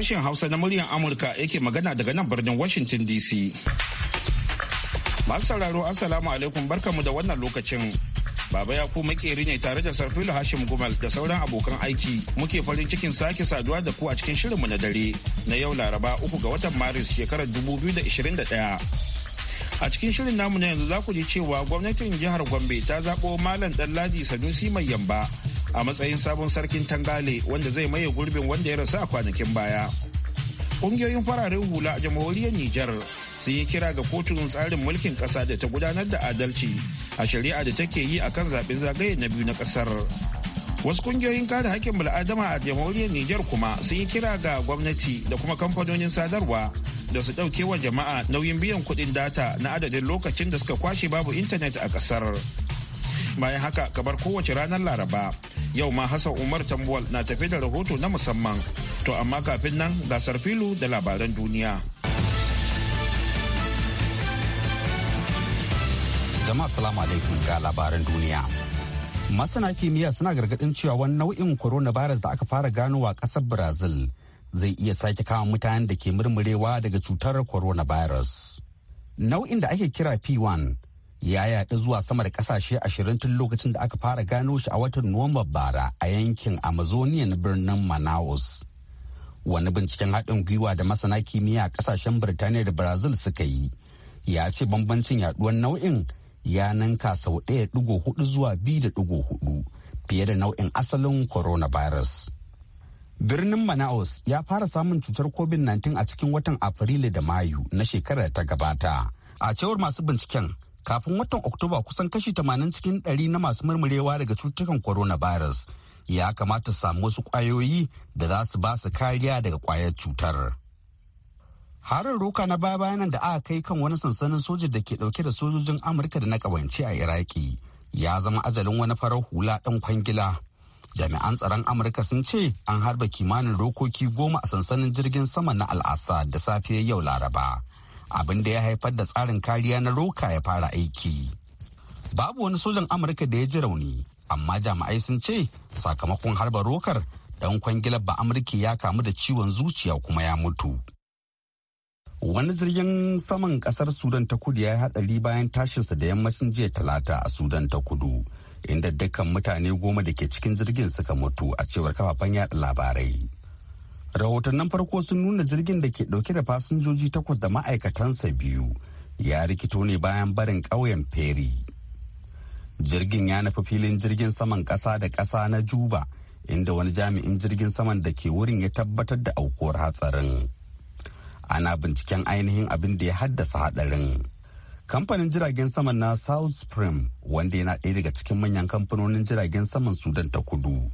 sashen Hausa na muryar Amurka yake magana daga nan birnin Washington DC. Masu sauraro Assalamu alaikum barkamu da wannan lokacin. Baba ya ku makeri ne tare da Sarfilo Hashim Gumal da sauran abokan aiki muke farin cikin sake saduwa da ku a cikin shirinmu na dare na yau Laraba uku ga watan Maris shekarar 2021. a cikin shirin namu na yanzu za ku ji cewa gwamnatin jihar gombe ta zaɓo malam ɗanladi sanusi mai yamba a matsayin sabon sarkin tangale wanda zai maye gurbin wanda ya rasu a kwanakin baya ƙungiyoyin fararen hula a jamhuriyar nijar sun yi kira ga kotun tsarin mulkin ƙasa da ta gudanar da adalci a shari'a da take yi akan zaɓen zagaye na biyu na ƙasar wasu ƙungiyoyin kare haƙƙin bil'adama a jamhuriyar nijar kuma sun yi kira ga gwamnati da kuma kamfanonin sadarwa da su ɗauke wa jama'a nauyin biyan kuɗin data na adadin lokacin da suka kwashe babu intanet a ƙasar bayan haka kamar kowace ranar laraba yau ma hassan umar tambuwal na tafi da rahoto na musamman to amma kafin nan gasar filu da labaran duniya jama'a salamu alaikum ga labaran duniya masana kimiyya suna gargadin cewa wani nau'in coronavirus da aka fara ganowa kasar brazil zai iya sake kama mutanen da ke murmurewa daga cutar coronavirus nau'in da ake kira p1 ya yaɗu zuwa sama da ƙasashe ashirin tun lokacin da aka fara gano shi a watan Nuwamba bara a yankin Amazonia na birnin Manaus. Wani binciken haɗin gwiwa da masana kimiyya a ƙasashen Birtaniya da Brazil suka yi ya ce bambancin yaɗuwar nau'in ya ninka sau ɗaya ɗigo hudu zuwa biyu da ɗigo hudu fiye da nau'in asalin coronavirus. Birnin Manaus ya fara samun cutar COVID-19 a cikin watan Afrilu da Mayu na shekarar ta gabata. A cewar masu binciken, kafin watan oktoba kusan kashi 80 cikin 100 na masu murmurewa daga cutukan coronavirus ya kamata samu wasu kwayoyi da za su ba su kariya daga kwayar cutar harin roka na baya bayanan da aka kai kan wani sansanin soja da ke dauke da sojojin amurka da na kawance a iraki ya zama ajalin wani farar hula dan kwangila jami'an tsaron amurka sun ce an harba kimanin rokoki goma a sansanin jirgin sama na al'asa da safiyar yau laraba abin da ya haifar da tsarin kariya na roka ya fara aiki babu wani sojan amurka da ya ji rauni amma jami'ai sun ce sakamakon harba rokar dan kwangilar ba amurka ya kamu da ciwon zuciya kuma ya mutu wani jirgin saman kasar sudan ta kudu ya yi hatsari bayan tashinsa da yammacin jiya talata a sudan ta kudu inda dukkan mutane goma da ke cikin jirgin suka mutu a cewar kafafen yaɗa labarai rahotannin farko sun nuna jirgin da ke dauke da fasinjoji takwas da ma'aikatansa biyu ya rikito ne bayan barin ƙauyen Perry. Jirgin ya nufi filin jirgin saman ƙasa da ƙasa na Juba, inda wani jami'in jirgin saman da ke wurin ya tabbatar da aukuwar hatsarin. Ana binciken ainihin abin da ya haddasa hadarin. Kamfanin jiragen saman na South Prime, wanda yana ɗaya daga cikin manyan kamfanonin jiragen saman Sudan ta kudu,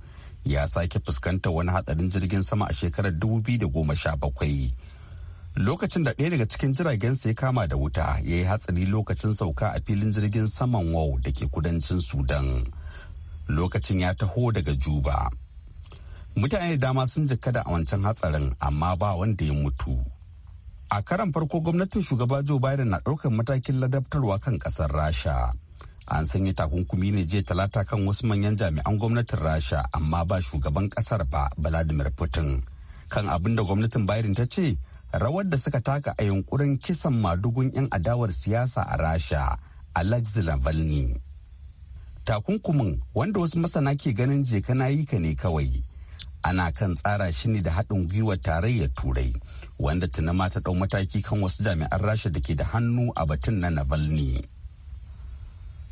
ya sake fuskantar wani hatsarin jirgin sama a shekarar 2017 lokacin da ɗaya daga cikin jiragensa ya kama da wuta ya yi hatsari lokacin sauka a filin jirgin saman wau da ke kudancin sudan lokacin ya taho daga juba mutane da dama sun jikkada a wancan hatsarin amma ba wanda ya mutu a karan farko gwamnatin shugaba joe biden na ɗaukar matakin ladabtarwa kan ƙasar rasha an sanya takunkumi ne jiya talata kan wasu manyan jami'an gwamnatin rasha amma ba shugaban kasar ba vladimir putin kan abin da gwamnatin bayern ta ce rawar da suka taka a yunkurin kisan madugun 'yan adawar siyasa a rasha alexei navalny takunkumin wanda wasu masana ke ganin jeka na yi ka ne kawai ana kan tsara shi ne da haɗin gwiwar tarayyar turai wanda tunama ta ɗau mataki kan wasu jami'an rasha da ke da hannu a batun na navalny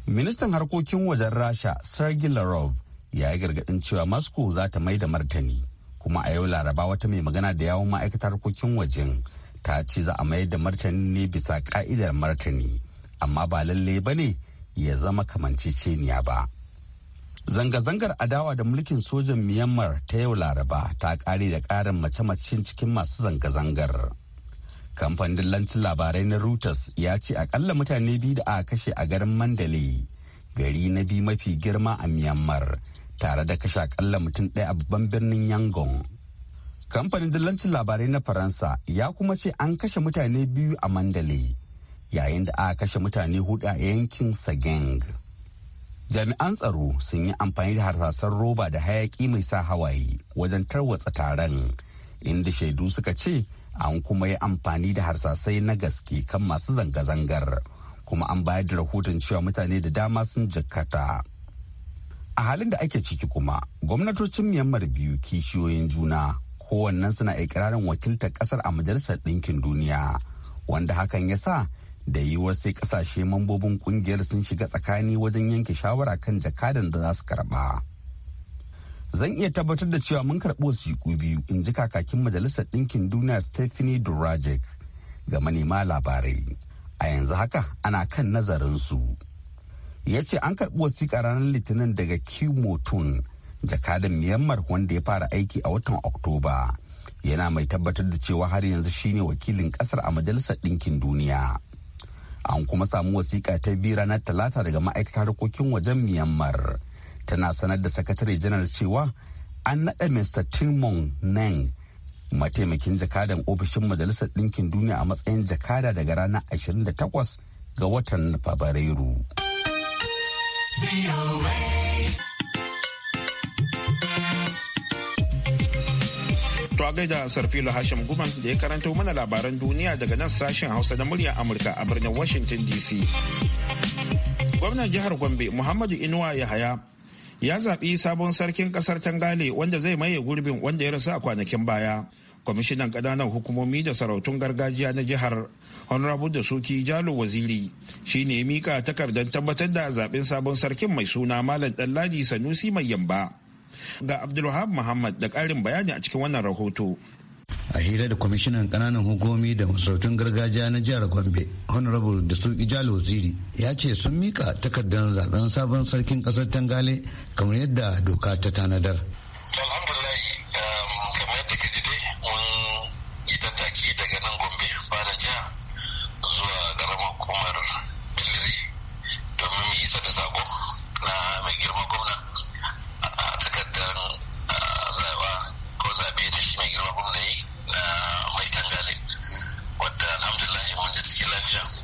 ministan harkokin wajen rasha sergei lavrov ya yi gargadin cewa moscow za ta mai da martani kuma a yau laraba wata mai magana da yawon ma'aikatar harkokin wajen ta ce za a mai da martani ne bisa ka'idar martani amma ba lallai ba ne ya zama kamanceceniya ba zanga-zangar adawa da mulkin sojan myanmar ta yau laraba ta kare da karin mace-macen cikin masu zanga-zangar kamfanin lantin labarai na reuters ya ce akalla mutane biyu da aka kashe a garin mandale gari na biyu mafi girma a myanmar tare da kashe akalla mutum ɗaya a babban birnin yangon kamfanin dillancin labarai na faransa ya kuma ce an kashe mutane biyu a mandale yayin da aka kashe mutane hudu a yankin sageng jami'an tsaro sun yi amfani da harsasan roba da hayaki mai sa hawaye wajen tarwatsa taron inda shaidu suka ce an kuma yi amfani da harsasai na gaske kan masu zanga-zangar kuma an bayar da rahoton cewa mutane da dama sun jikkata a halin da ake ciki kuma gwamnatocin myanmar biyu kishiyoyin juna kowannen suna ikirarin wakiltar kasar a majalisar ɗinkin duniya wanda hakan ya sa da yiwuwar sai kasashe mambobin kungiyar sun shiga tsakani wajen yanke shawara kan jakadan da za su karba. zan iya tabbatar da cewa mun karɓi wasiƙu biyu in ji kakakin majalisar ɗinkin duniya stephanie durajek ga manema labarai a yanzu haka ana kan nazarin su ya ce an karɓi wasiƙa ranar litinin daga kimotun jakadan myanmar wanda ya fara aiki a watan oktoba yana mai tabbatar da cewa har yanzu shine wakilin kasar a majalisar ɗinkin duniya an kuma samu wasiƙa ta biyu ranar talata daga ma'aikatar harkokin wajen myanmar tana sanar da sakatare janar cewa an naɗa mr timon neng mataimakin jakadan ofishin majalisar ɗinkin duniya a matsayin jakada daga ranar 28 ga watan fabrairu To a gaida Sarfilo Hashim Guman da ya karanto mana labaran duniya daga nan sashen Hausa na muryar Amurka a birnin Washington DC. Gwamnan jihar Gombe Muhammadu Inuwa Yahaya ya zaɓi sabon sarkin ƙasar tangale wanda zai maye gurbin wanda ya rasu a kwanakin baya kwamishinan ƙananan hukumomi da sarautun gargajiya na jihar honorable da suki jalo waziri shi ne mika takardar tabbatar da zaɓen sabon sarkin mai suna malam ɗanladi sanusi mai yamba ga abdulwahab muhammad da ƙarin bayani a cikin wannan rahoto a hira da kwamishinan kananan hukumi da masarautun gargajiya na jihar gombe honorable da su waziri ziri ya ce sun mika takardar zaben sabon sarkin kasar tangale kamar yadda doka ta tanadar Domin isa da sako na mai girma gwamna Yeah.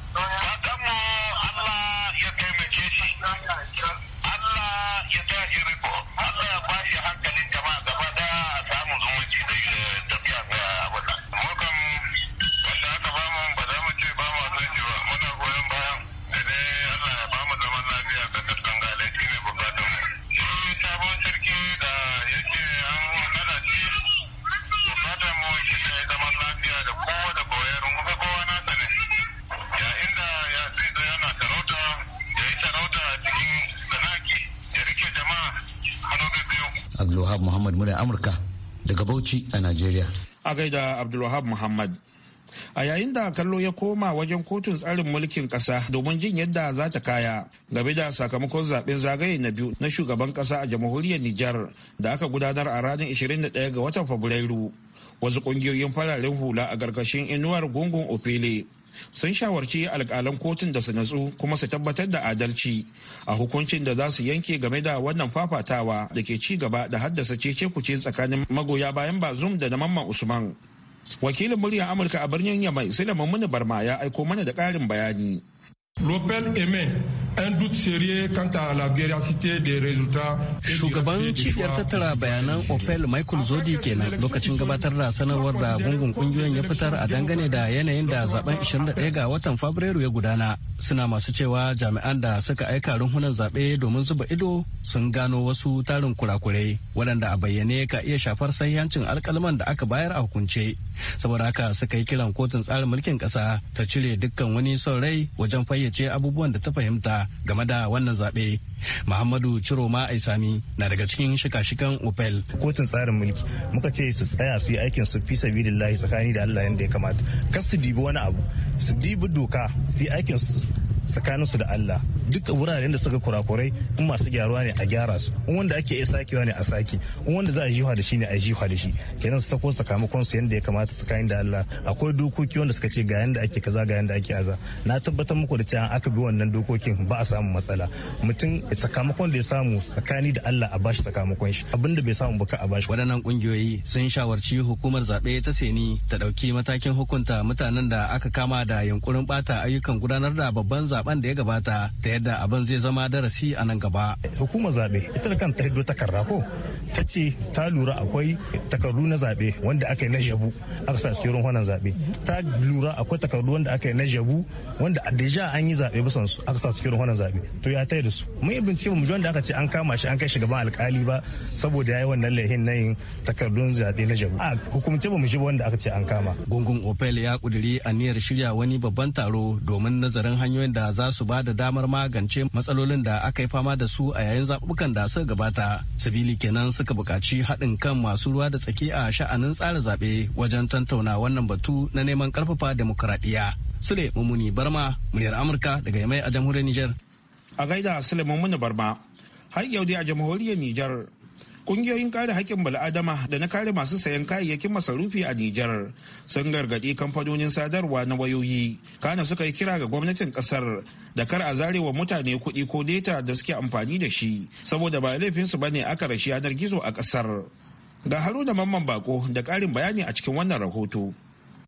a gaida abdulwahab muhammad a yayin da kallo ya koma wajen kotun tsarin mulkin kasa domin jin yadda za ta kaya game da sakamakon zaben zagaye na biyu na shugaban kasa a jamhuriyar nijar da aka gudanar a ranar 21 ga watan fabrairu wasu kungiyoyin fararen hula a ƙarƙashin inuwar gungun ofele. sun shawarci alkalan kotun da su natsu kuma su tabbatar da adalci a hukuncin da za su yanke game da wannan fafatawa da ke ci gaba da haddasa cece kuce tsakanin magoya bayan bazum da na mamman usman wakilin muryar amurka a birnin yamai da mummuna barma ya aiko mana da ƙarin bayani L'Opel émet un doute sérieux quant à la véracité des résultats. Shugaban cibiyar tattara bayanan Opel Michael Zodi kenan lokacin gabatar da sanarwar da gungun kungiyoyin ya fitar a dangane da yanayin da zaben 21 ga watan Fabrairu ya gudana. Suna masu cewa jami'an da suka aika runhunan zaɓe domin zuba ido sun gano wasu tarin kurakurai waɗanda a bayyane ka iya shafar sahihancin alkalman da aka bayar a hukunce. Saboda haka suka yi kiran kotun tsarin mulkin ƙasa ta cire dukkan wani son rai wajen fayyace fayyace abubuwan da ta fahimta game da wannan zaɓe. Muhammadu Ciroma Aisami na daga cikin shika-shikan Opel. Kotun tsarin mulki muka ce su tsaya su yi aikin su fi sabilillahi tsakani da Allah yadda ya kamata. Kas su dibi wani abu, su dibi doka su yi aikin su tsakaninsu da Allah duk wuraren da suka kurakurai in masu gyaruwa ne a gyara su in wanda ake iya sakewa ne a sake in wanda za a jiwa da shi ne a jiwa da shi kenan su sako sakamakon su yanda ya kamata tsakanin da Allah akwai dokoki wanda suka ce ga yanda ake kaza ga yanda ake aza na tabbatar muku da cewa aka bi wannan dokokin ba a samu matsala mutum sakamakon da ya samu tsakani da Allah a bashi sakamakon shi abinda bai samu baka a bashi waɗannan kungiyoyi sun shawarci hukumar zaɓe ta seni ta ɗauki matakin hukunta mutanen da aka kama da yunkurin bata ayyukan gudanar da babban zaben da ya gabata da yadda abin zai zama darasi a nan gaba. Hukumar zaɓe ita da kanta hiddo takarda ko ta ce ta lura akwai takardu na zaɓe wanda aka yi na jabu aka sa cikin ruwan zaɓe. Ta lura akwai takardu wanda aka yi na jabu wanda a deja an yi zaɓe bisan su aka sa cikin ruwan zaɓe. To ya ta da su. Mun yi bincike mu ji wanda aka ce an kama shi an kai shugaban alkali ba saboda ya yi wannan lahin na yin takardun zaɓe na jabu. A hukumce ba mu ji wanda aka ce an kama. Gungun Opel ya ƙudiri aniyar shirya wani babban taro domin nazarin hanyoyin da da za su ba da damar magance matsalolin da aka yi fama da su a yayin zaɓuɓɓukan da suka gabata sabili kenan suka buƙaci haɗin kan masu ruwa da tsaki a sha'anin tsara zaɓe wajen tantauna wannan batu na neman ƙarfafa demokuraɗiyya sule mummuni barma muryar amurka daga yamai a jamhuriyar niger a gaida sule mummuni barma har yau dai a jamhuriyar Nijar. Kungiyoyin kare haƙƙin bal'adama da na kare masu sayan kayayyakin masarufi a Nijar sun gargaɗi kamfanonin sadarwa na wayoyi. Kana suka yi kira ga gwamnatin ƙasar da kar a zare wa mutane kuɗi ko data da suke amfani da shi saboda ba laifinsu ba ne aka rashi yanar gizo a ƙasar. Ga Haruna Mamman Bako da ƙarin bayani a cikin wannan rahoto.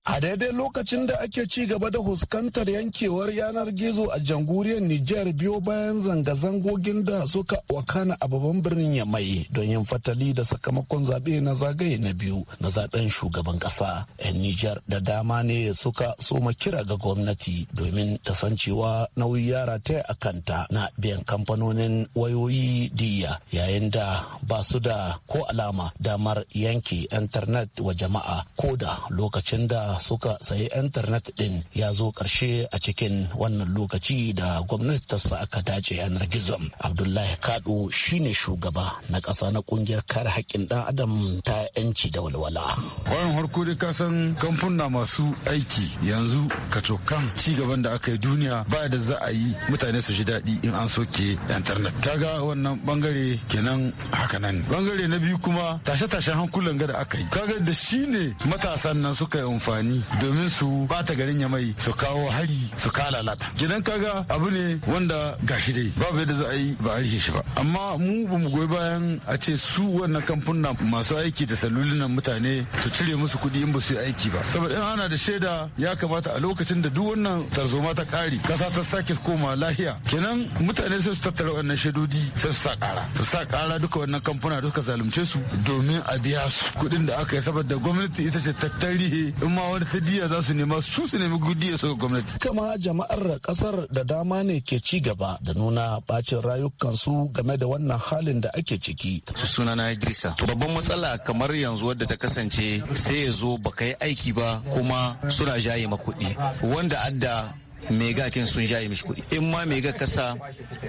A daidai lokacin da ake ci gaba da huskantar yankewar yanar gizo a jamhuriyar Nijar biyo bayan zanga-zangogin da suka wakana a babban birnin Yamai don yin fatali da sakamakon zaɓe na zagaye na biyu na zaɓen shugaban ƙasa. 'Yan Nijar da dama ne suka soma kira ga gwamnati domin ta san cewa nauyi yara ta a kanta na biyan kamfanonin wayoyi diya yayin da ba su da ko alama damar yanke intanet wa jama'a ko da lokacin da suka sayi intanet din ya zo karshe a cikin wannan lokaci da gwamnati ta sa aka dace yanar gizo abdullahi kado shine shugaba na ƙasa na kungiyar kare haƙƙin ɗan adam ta yanci da walwala wayan harko da ka san kamfuna masu aiki yanzu ka cokan ci gaban da aka yi duniya ba da za a yi mutane su ji daɗi in an soke intanet kaga wannan bangare kenan haka nan bangare na biyu kuma tashe-tashen hankulan ga da aka yi kaga da shine matasan nan suka yi amfani amfani domin su bata garin ya mai su kawo hari su lalata gidan kaga abu ne wanda gashi dai babu yadda za a yi ba a rike shi ba amma mu ba mu goyi bayan a ce su wannan kamfuna masu aiki da salulinan mutane su cire musu kuɗi in ba su yi aiki ba saboda in ana da shaida ya kamata a lokacin da duk wannan tarzoma ta kare kasa ta sake koma lahiya kenan mutane sai su tattara wannan shaidodi sai su sa kara su sa kara duka wannan kamfuna duka zalunce su domin a biya su kuɗin da aka yi saboda gwamnati ita ce ta tarihi in ma wani diya za su nema su su nemi diya su gwamnati. Kama jama'ar kasar da dama ne ke ci gaba da nuna bacin rayukansu game da wannan halin da ake ciki. Su suna na Idrisa. babban matsala kamar yanzu wadda ta kasance sai ya zo baka yi aiki ba kuma suna jaye ma kuɗi. Wanda adda mega kin sun jaye mishi kuɗi in ma mega kasa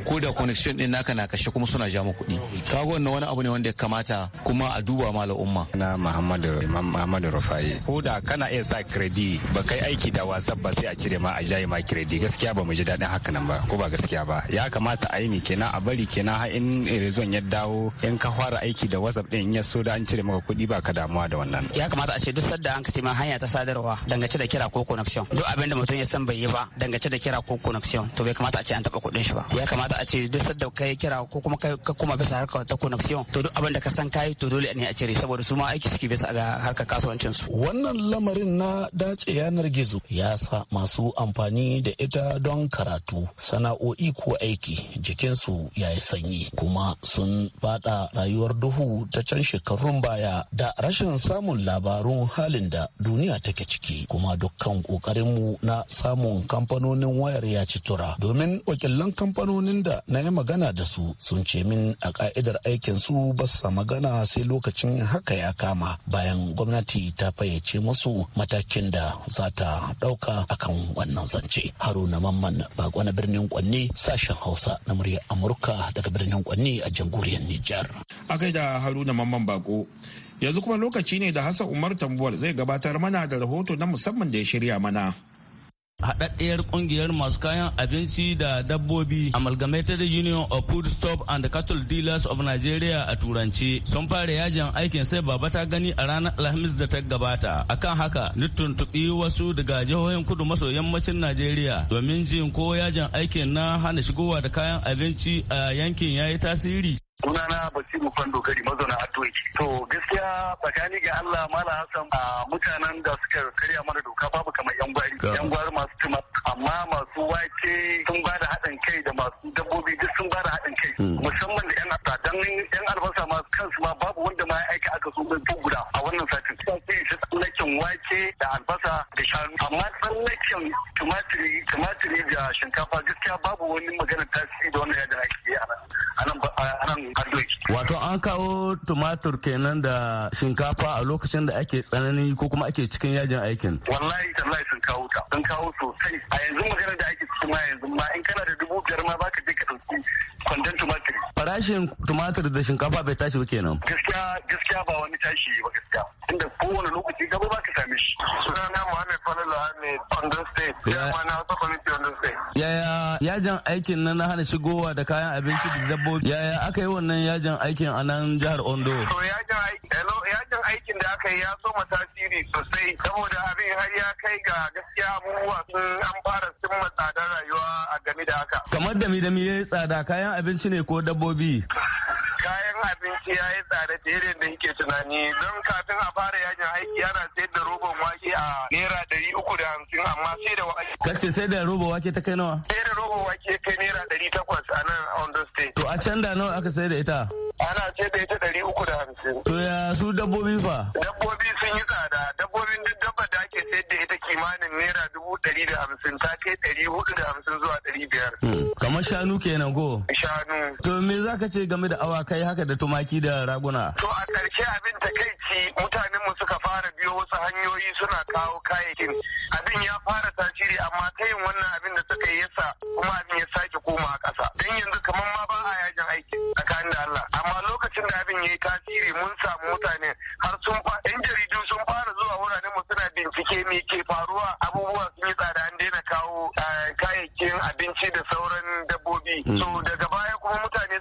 ko da connection din naka na kashe kuma suna ja maka kuɗi kago wannan wani abu ne wanda ya kamata kuma a duba ma al'umma na Muhammadu Imam Muhammadu Rufai ko da kana iya sa credit ba kai aiki da WhatsApp ba sai a cire ma a jaye ma credit gaskiya ba mu ji daɗin haka nan ba ko ba gaskiya ba ya kamata a yi ni kenan a bari kenan har in rezon ya dawo in ka fara aiki da WhatsApp din in ya so da an cire maka kuɗi ba ka damuwa da wannan ya kamata a ce duk sadda an ka ma hanya ta sadarwa dangace da kira ko connection duk abin da mutum ya san bai yi ba dangance da kira ko connection to bai kamata a ce an taba kuɗin shi ba ya kamata a ce duk sadda kai kira ko kuma ka kuma bisa harkar ta connection to duk abin da ka san kai to dole ne a cire saboda su ma aiki suke bisa ga harkar kasuwancin su wannan lamarin na dace yanar gizo ya sa masu amfani da ita don karatu sana'o'i ko aiki jikinsu ya yi sanyi kuma sun fada rayuwar duhu ta can shekarun baya da rashin samun labarun halin da duniya take ciki kuma dukkan mu na samun kamfan kamfanonin wayar ya ci tura domin wakilan kamfanonin da na yi magana da su sun ce min a ka'idar aikin su ba magana sai lokacin haka ya kama bayan gwamnati ta fayyace musu matakin da za ta ɗauka akan wannan zance haruna mamman bako na birnin kwanne sashen hausa na murya amurka daga birnin kwanne a jamhuriyar nijar a da haruna mamman bako yanzu kuma lokaci ne da hassan umar tambuwal zai gabatar mana da rahoto na musamman da ya shirya mana haɗaɗɗiyar ƙungiyar masu kayan abinci da dabbobi amalgamated union of food stop and cattle dealers of nigeria a turanci sun fara yajin aikin sai baba ta gani a ranar alhamis da ta gabata akan haka ni tuntuɓi wasu daga jihohin kudu maso yammacin nigeria domin jin ko yajin aikin na hana shigowa da kayan abinci a yankin ya yi tasiri sunana basiru kwando gari mazauna atoyi to gaskiya tsakani ga allah mala hassan a mutanen da suka karya mana doka babu kamar yan gwari yan gwari masu tuma amma masu wake sun ba da haɗin kai da masu dabbobi duk sun ba da haɗin kai hmm. musamman da yan albasa don yan albasa ma kansu ma babu wanda ma ya aika aka so guda a wannan satin tumatirin wake da albasa da shanu amma tsallakin tumatiri tumatiri da shinkafa gaskiya babu wani magana tasiri da wannan yadda ake yi a nan a nan wato an kawo tumatur kenan da shinkafa a lokacin da ake tsanani ko kuma ake cikin yajin aikin wallahi tallahi sun kawo ta sun kawo sosai a yanzu magana da ake cikin ma yanzu ma in kana da dubu biyar ma baka je ka dauki kwandon tumatir farashin tumatir da shinkafa bai tashi ba kenan gaskiya gaskiya ba wani tashi ba gaskiya inda kowane lokaci gaba za ka same shi sunana muhammed falalu ahmed ondo state chairman na hausa committee ondo state yaya yajin aikin nan na hana shigowa da kayan abinci da dabbobi yaya aka yi wannan yajin aikin a nan jihar ondo to yajin aikin da aka yi ya soma tasiri sosai saboda abin har ya kai ga gaskiya abubuwa sun an fara sun matsadar rayuwa a game da haka kamar dami dami ya yi tsada kayan abinci ne ko dabbobi kayan abinci ya yi tsada fiye da yadda yake tunani don kafin a fara yajin aiki yana sayar da roban wake a naira dari uku da hamsin amma sai da wake. kace sai da roba wake ta kai nawa. sai da roba wake kai naira dari takwas a nan a Ondo State. to a can da nawa aka sayar da ita. ana ce da ita dari uku da hamsin. To ya su dabbobi fa? Dabbobi sun yi tsada, dabbobin duk dabba da ake sayar da ita kimanin naira dubu dari da hamsin ta kai dari hudu da hamsin zuwa dari biyar. Hmm. Kamar shanu kenan ko? Shanu. To me za ka ce game da awakai haka da da tumaki da raguna. To a ƙarshe abin takaici mutanenmu suka fara biyo wasu hanyoyi suna kawo kayayyakin. Abin ya fara tasiri amma ta yin wannan abin da suka yi yasa kuma abin ya sake koma a ƙasa. Don yanzu kamar ma ba a yajin aiki tsakanin da Allah. Amma lokacin da abin ya yi tasiri mun samu mutane har sun fa 'yan jaridu sun fara zuwa wuraren mu suna bincike me ke faruwa abubuwa sun yi tsada an daina kawo eh, kayayyakin abinci da sauran dabbobi. Mm. So daga baya kuma mutane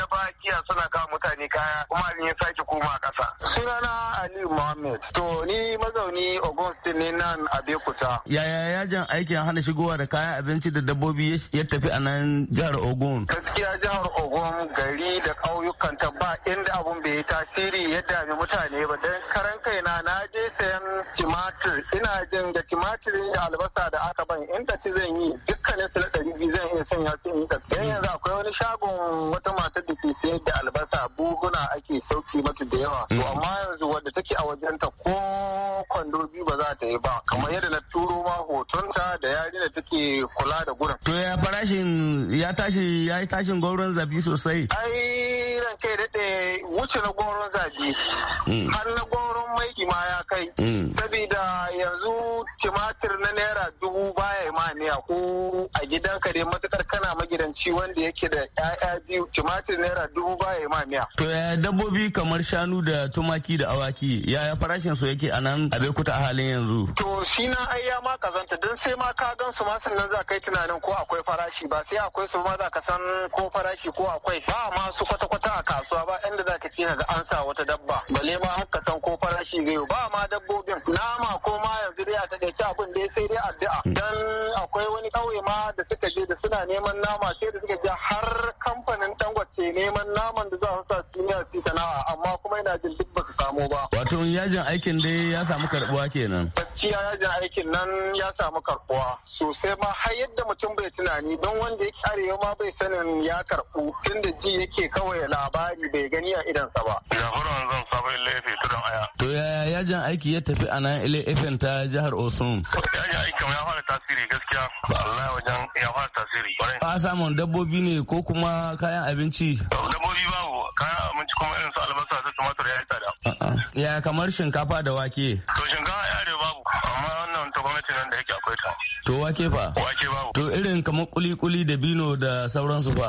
na ba kiya suna kawo mutane kaya kuma abin ya sake koma kasa. Sunana Ali Mohammed. To ni mazauni Ogun ne nan a Bekuta. Yaya yajin aikin hana shigowa da kayan abinci da dabbobi ya tafi a nan jihar Ogun? Gaskiya jihar Ogun gari da ƙauyukan ta ba inda abun bai yi tasiri ya dami mutane ba don karan kaina na je sayan timatir ina jin da timatiri da albasa da aka ban in ci zan yi dukkanin su na ɗari biyu zan iya sanya su in Yanzu akwai wani shagon wata mata da ke sayar da albasa buguna ake sauki maki. su da yawa to mm. amma yanzu wadda take a wajen ta ko kwando biyu ba za ta yi ba kamar yadda na turo ma hotonta da da take kula da gurin to ya farashin ya tashi ya tashin gwauron zabi sosai ai Kai daɗe wuce na goron zaji hmm. har na goron maiki ma ya kai hmm. sabida yanzu timatir na naira dubu baya ma miya ko a gidan ka dai matukar kana magidanci wanda yake da 'ya'ya biyu timatir naira dubu baya ma miya. To ya dabbobi kamar shanu da tumaki da awaki yaya farashin su yake a nan a Bekuta a halin yanzu? To shi na ai ya ma kazanta don sai ma ka gan su ma sannan za ka tunanin ko akwai farashi ba sai akwai su ma za ka san ko farashi ko akwai ba ma su kwata-kwata a kasuwa ba inda za ka ce ga an sa wata dabba bale ma haka san ko farashi ga ba ma dabbobin nama ko ma yanzu dai a dace abin da sai dai addu'a mm. dan akwai wani kauye ma da suka je da suna neman nama sai da suka je har kamfanin dangote neman naman da za su sa siniya su sana'a amma kuma yana jin duk ba su samu ba wato yajin aikin dai ya samu karbuwa kenan gaskiya yajin aikin nan ya samu karbuwa sosai ma har yadda mutum bai tunani don wanda yake arewa ma bai sanin ya karbu tunda ji yake kawai la labari bai gani a idansa ba. Jagoran zan sabon laifi tudun aya. To yaya yajin aiki ya tafi a nan ile ilefin ta jihar Osun? Yajin aiki kamar ya fara tasiri gaskiya ba Allah wajen ya fara tasiri. Ba samun dabbobi ne ko kuma kayan abinci? Dabbobi babu kayan abinci kuma irin su albasa da tumatur ya yi tsada. Ya kamar shinkafa da wake? To shinkafa ya da babu amma wannan ta gwamnati nan da yake akwai ta. To wake fa? Wake babu. To irin kamar kuli-kuli da bino da sauransu fa?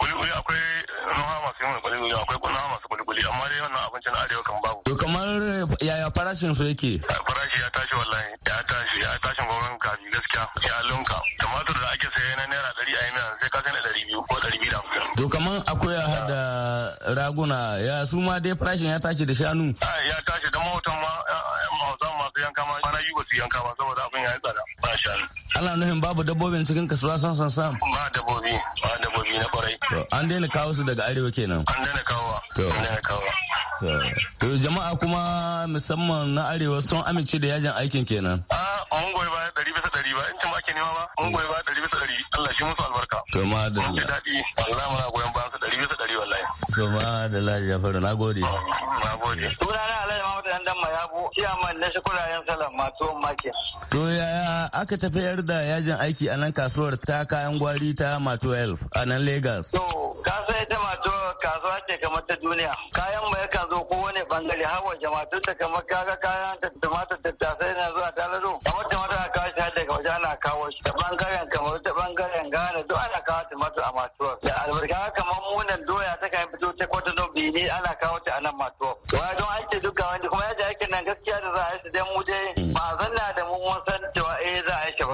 Kuli-kuli akwai nuha masu yin kuli-kuli akwai nuha masu kuli-kuli amma dai wannan abincin arewa kan babu. To kamar yaya farashin su yake? Farashi ya tashi wallahi ya tashi ya tashin gwamnan kafi gaskiya ya lunka. Tumatur da ake sayo na naira ɗari a yana sai ka sani na ɗari biyu ko ɗari biyu da hamsin. To kamar akwai da raguna ya su ma dai farashin ya tashi da shanu. Ya tashi da mahautan ma mahauta masu yanka ma kwana yi wasu yanka ba saboda abin ya yi tsada ba shanu. ana nufin babu dabbobin cikin kasuwa san san san ba dabbobi ba dabbobi na kwarai an daina kawo su daga arewa kenan an daina kawo an daina kawo To jama'a kuma musamman na arewa sun amince da yajin aikin kenan. A mun goyi baya ɗari bisa ɗari ba in ci ma ke nema ba mun goyi baya ɗari bisa ɗari Allah shi musu albarka. To ma da Mun ji daɗi Allah goyon ba su ɗari bisa ɗari wallahi. To ma da Allah faru, na gode. Na gode. Sunana Alhaji Muhammad Dan Damma Yabo ciyaman na shukurayen salam masu makin. To yaya aka tafiyar da yajin aiki a nan kasuwar ta kayan gwari ta Matuwa Elf a nan Lagos. To ka ita ita to kasuwa ce kamar ta duniya kayan mai ka zo kowane bangare har waje jama'a ta kamar kaga kayan ta tasa na zuwa lalo kamar ta a kawo shi daga waje ana kawo shi ta bangaren kamar ta bangaren gane duk ana kawo mata a matuwa. da albarka kamar munan doya ta kan fito ta kwatano bini ana kawo ta a nan matuwar don aiki duka wani kuma yadda aikin nan gaskiya da za a yi su dan mu dai ba zanna da mu mun san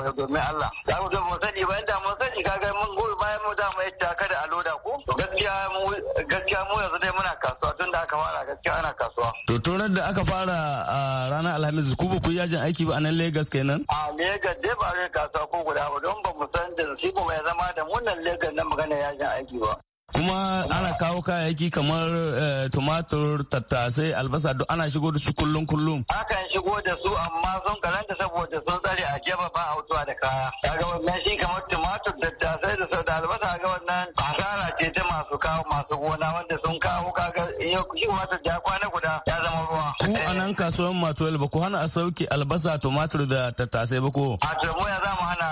ba domin Allah za mu ga sani ba yadda mun sani kaga mun bayan mu da mu yadda kada da aloda ko gaskiya mu gaskiya mu yanzu dai muna kasuwa tun da aka fara gaskiya ana kasuwa to turar da aka fara a ranar Alhamis ku ba ku yajin aiki ba a nan Lagos kenan a Lagos dai ba zai kasuwa ko guda ba don ba mu san da shi ba ya zama da mu Legas Lagos nan magana yajin aiki ba kuma ana kawo kayayyaki kamar eh, tumatur tattasai albasa duk ana shigo da su kullum kullum akan shigo da su amma sun karanta saboda sun tsare a jeba ba hautuwa da kaya kaga wannan shi kamar tumatur tattasai da sau da albasa ga wannan hasara ce ta masu kawo masu gona wanda sun kawo kaga iya shi wata ja kwana guda ya zama ruwa ku a nan kasuwan matuwal ba ku hana a sauke albasa tumatur da tattasai ba ku a to ya za mu hana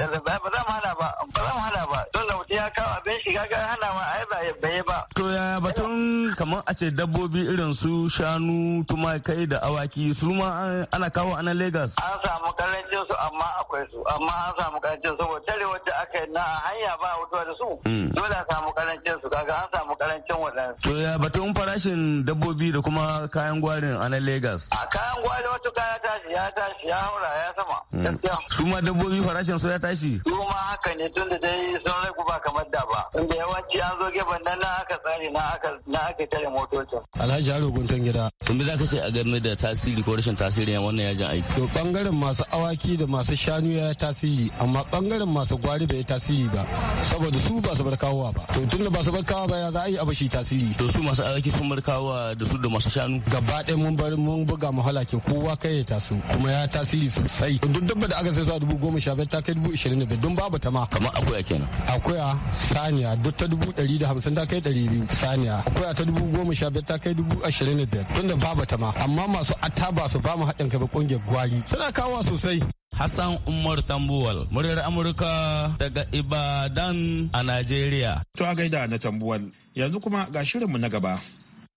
eh, ba za mu hana ba ba za mu hana ba don da mutum ya kawo abin shiga ga hana ba ai ba bai ba to yaya batun kamar a ce dabbobi irin su shanu tumakai da awaki su ma ana kawo a nan Lagos an samu karancin su amma akwai su amma an samu karancin su tare wacce aka yi na hanya ba wutuwa da su hmm. dole a samu karancin su kaga an samu karancin waɗansu to ya batun farashin dabbobi da kuma kayan gwarin a nan Lagos a kayan gwarin wata kaya tashi ya tashi ya haura ya sama hmm. su ma dabbobi farashin su ya tashi su ma haka ne tun da dai sun ragu ba kamar da ba inda yawanci an zo gefen nan na aka tsare na aka na aka tare motocin alhaji haro guntun gida to me zaka ce a game da tasiri ko rashin tasiri wannan yajin aiki to bangaren masu awaki da masu shanu ya tasiri amma bangaren masu gwari bai tasiri ba saboda su ba su bar kawowa ba to tunda ba su bar kawowa ba ya za a yi abashi tasiri to su masu awaki sun bar kawowa da su da masu shanu gaba ɗaya mun bar mun buga mu halake kowa kai ya taso kuma ya tasiri sosai duk dabba da aka sai su a dubu goma sha biyar ta kai dubu ishirin da biyar don babu ta ma kamar akuya kenan akuya saniya duk ta dubu ɗari da hamsin ta kai ɗari biyu saniya akwai a ta dubu goma sha biyar ta kai dubu ashirin da biyar tunda babu ta ma amma masu ba su ba mu haɗin kai ba ƙungiyar gwari suna kawo sosai Hassan Umar Tambuwal, muryar Amurka daga Ibadan a Najeriya. To a gaida na Tambuwal, yanzu kuma ga shirinmu na gaba.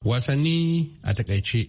Wasanni a takaice.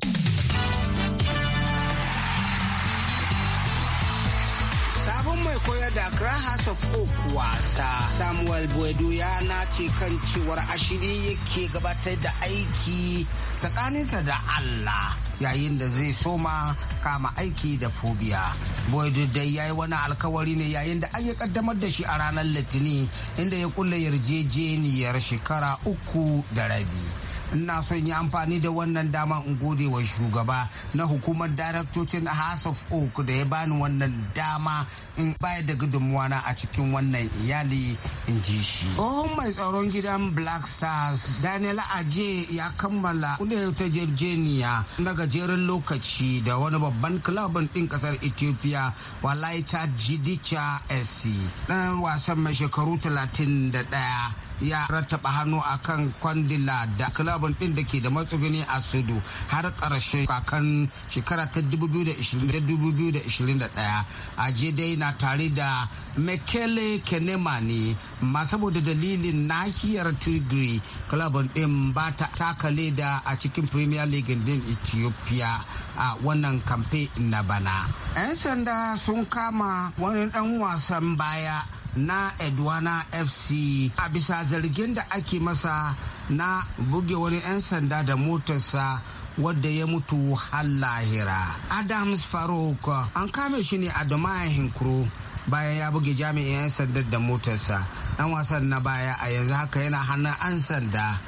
da Accra House of Hope wasa. Samuel Boedu ya nace kan cewar ashiri yake gabatar da aiki tsakaninsa da Allah. yayin da zai soma kama aiki da fobiya. Boydu dai ya yi wani alkawari ne yayin da an yi kaddamar da shi a ranar Litinin inda ya kulle yarjejeniyar shekara uku da rabi. ina son yi amfani da wannan dama in gode wa shugaba na hukumar daraktocin house of oak da ya bani wannan dama in bayar da gudunmuwana a cikin wannan iyali in ji shi tsohon mai tsaron gidan black stars daniel aje ya kammala kudin ta jirjeniya na gajeren lokaci da wani babban kilabin ɗin kasar ethiopia walaita jidicha sc ɗan wasan mai shekaru 31 ya rattaba hannu a kan kwandila da kilabin din da ke da matsuguni a sudu har karshe kakan shekara ta 2021 a dai na tare da mekele kenema ne ma saboda dalilin nahiyar tigri kilabin din ba ta takale da a cikin premier league din ethiopia a wannan kamfe na bana 'yan sanda sun kama wani dan wasan baya na edwana fc a bisa zargin da ake masa na buge wani 'yan sanda da motarsa wadda ya mutu har lahira adams faruk an kame shi ne a domayan hinkuro bayan ya buge jami'in 'yan sandar da motarsa dan wasan na baya a yanzu haka yana hannun 'yan sanda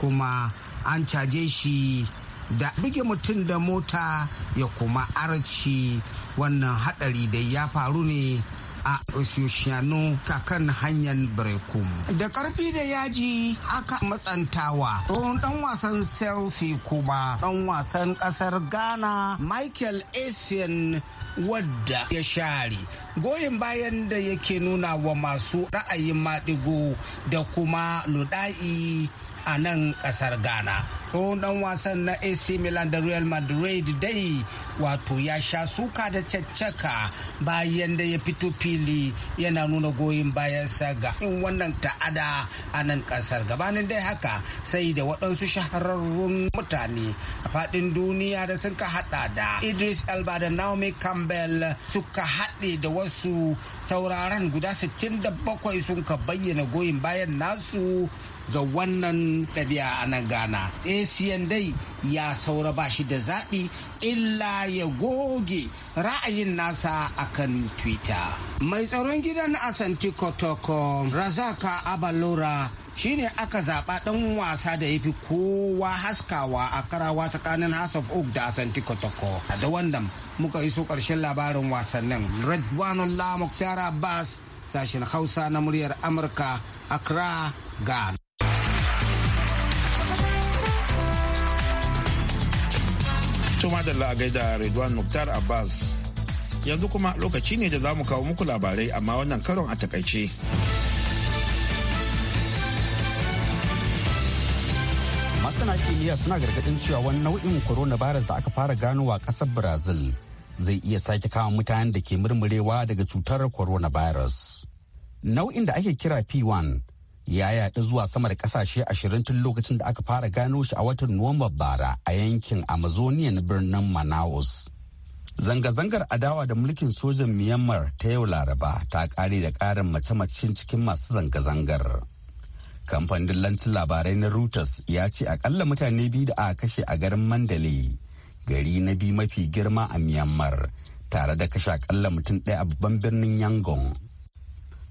kuma an caje shi da buge mutum da mota ya kuma arci wannan hadari da ya faru ne a Osushiyanu kakan hanyar Brekum. Da karfi da yaji aka matsantawa tsohon dan wasan Chelsea kuma dan wasan kasar Ghana Michael Essien wadda ya share goyon bayan da yake nuna wa masu ra'ayin maɗigo da kuma luɗa'i a nan ƙasar ghana tsohon dan wasan na ac milan da real madrid dai wato ya sha suka da caccaka bayan da ya fito fili yana nuna goyon bayansa ga In wannan ta'ada a nan kasar gabanin dai haka sai da waɗansu shahararrun mutane a faɗin duniya da sun ka haɗa da idris elba da naomi campbell suka haɗe da wasu tauraron guda 67 sun ka bayyana goyon bayan nasu ga wannan ɗabi'a a nan ghana acn dai ya saura ba shi da zaɓi illa ya goge ra'ayin nasa akan twitter mai tsaron gidan asanti kotoko razaka abalora shine aka zaɓa ɗan wasa da ya fi kowa haskawa a karawa tsakanin house of oak da asanti kotoko da wannan muka iso ƙarshen labarin wasannin redwanullah muktar abbas sashen hausa na muryar amurka accra ghana To madalla a gaida Redwan Muktar Abbas. Yanzu kuma lokaci ne da za mu kawo muku labarai amma wannan karon a takaice. Masana kimiyya suna gargadin cewa wani nau'in coronavirus da aka fara ganowa ƙasar Brazil zai iya sake kama mutanen da ke murmurewa daga cutar coronavirus. Nau'in da ake kira P1 ya yaɗu zuwa sama da ƙasashe ashirin tun lokacin da aka fara gano shi a watan Nuwamba bara a yankin Amazonia na birnin Manaus. Zanga-zangar adawa da mulkin sojan Myanmar ta yau Laraba ta kare da ƙarin mace-macen cikin masu zanga-zangar. Kamfanin lantin labarai na Reuters ya ce akalla mutane biyu da aka kashe a garin Mandalay, gari na biyu mafi girma a Myanmar, tare da kashe akalla mutum ɗaya a babban birnin Yangon.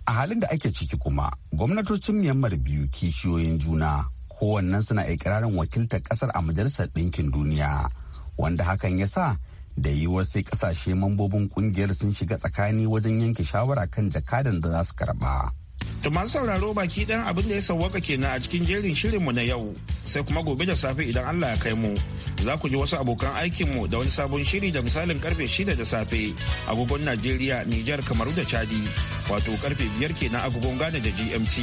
a halin da ake ciki kuma gwamnatocin myanmar biyu kishiyoyin juna kowannen suna ikirarin wakiltar kasar a majalisar ɗinkin duniya wanda hakan ya sa da yiwuwar sai kasashe mambobin kungiyar sun shiga tsakani wajen yanke shawara kan jakadan da za su karba. da sauraro baki ɗan abin da ya sauwaka kenan a cikin jerin shirinmu na yau sai kuma gobe da safe idan Allah ya kai mu za ku ji wasu abokan aikinmu da wani sabon shiri da misalin karfe shida da safe agogon Najeriya, Nijar, kamar da Chadi wato karfe biyar kenan agogon Ghana da GMT.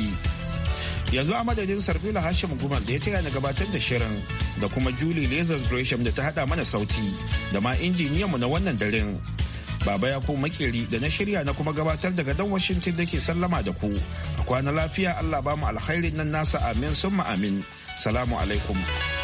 Yanzu a madadin Sarfila Hashim guma da ya taya ni gabatar da shirin da kuma Julie Lazar Gresham da ta hada mana sauti da ma mu na wannan daren. Baba ya ko makeri da na shirya na kuma gabatar daga dan Washington da ke sallama da ku. A kwana lafiya Allah ba mu alkhairin nan nasa amin summa amin. Salamu alaikum.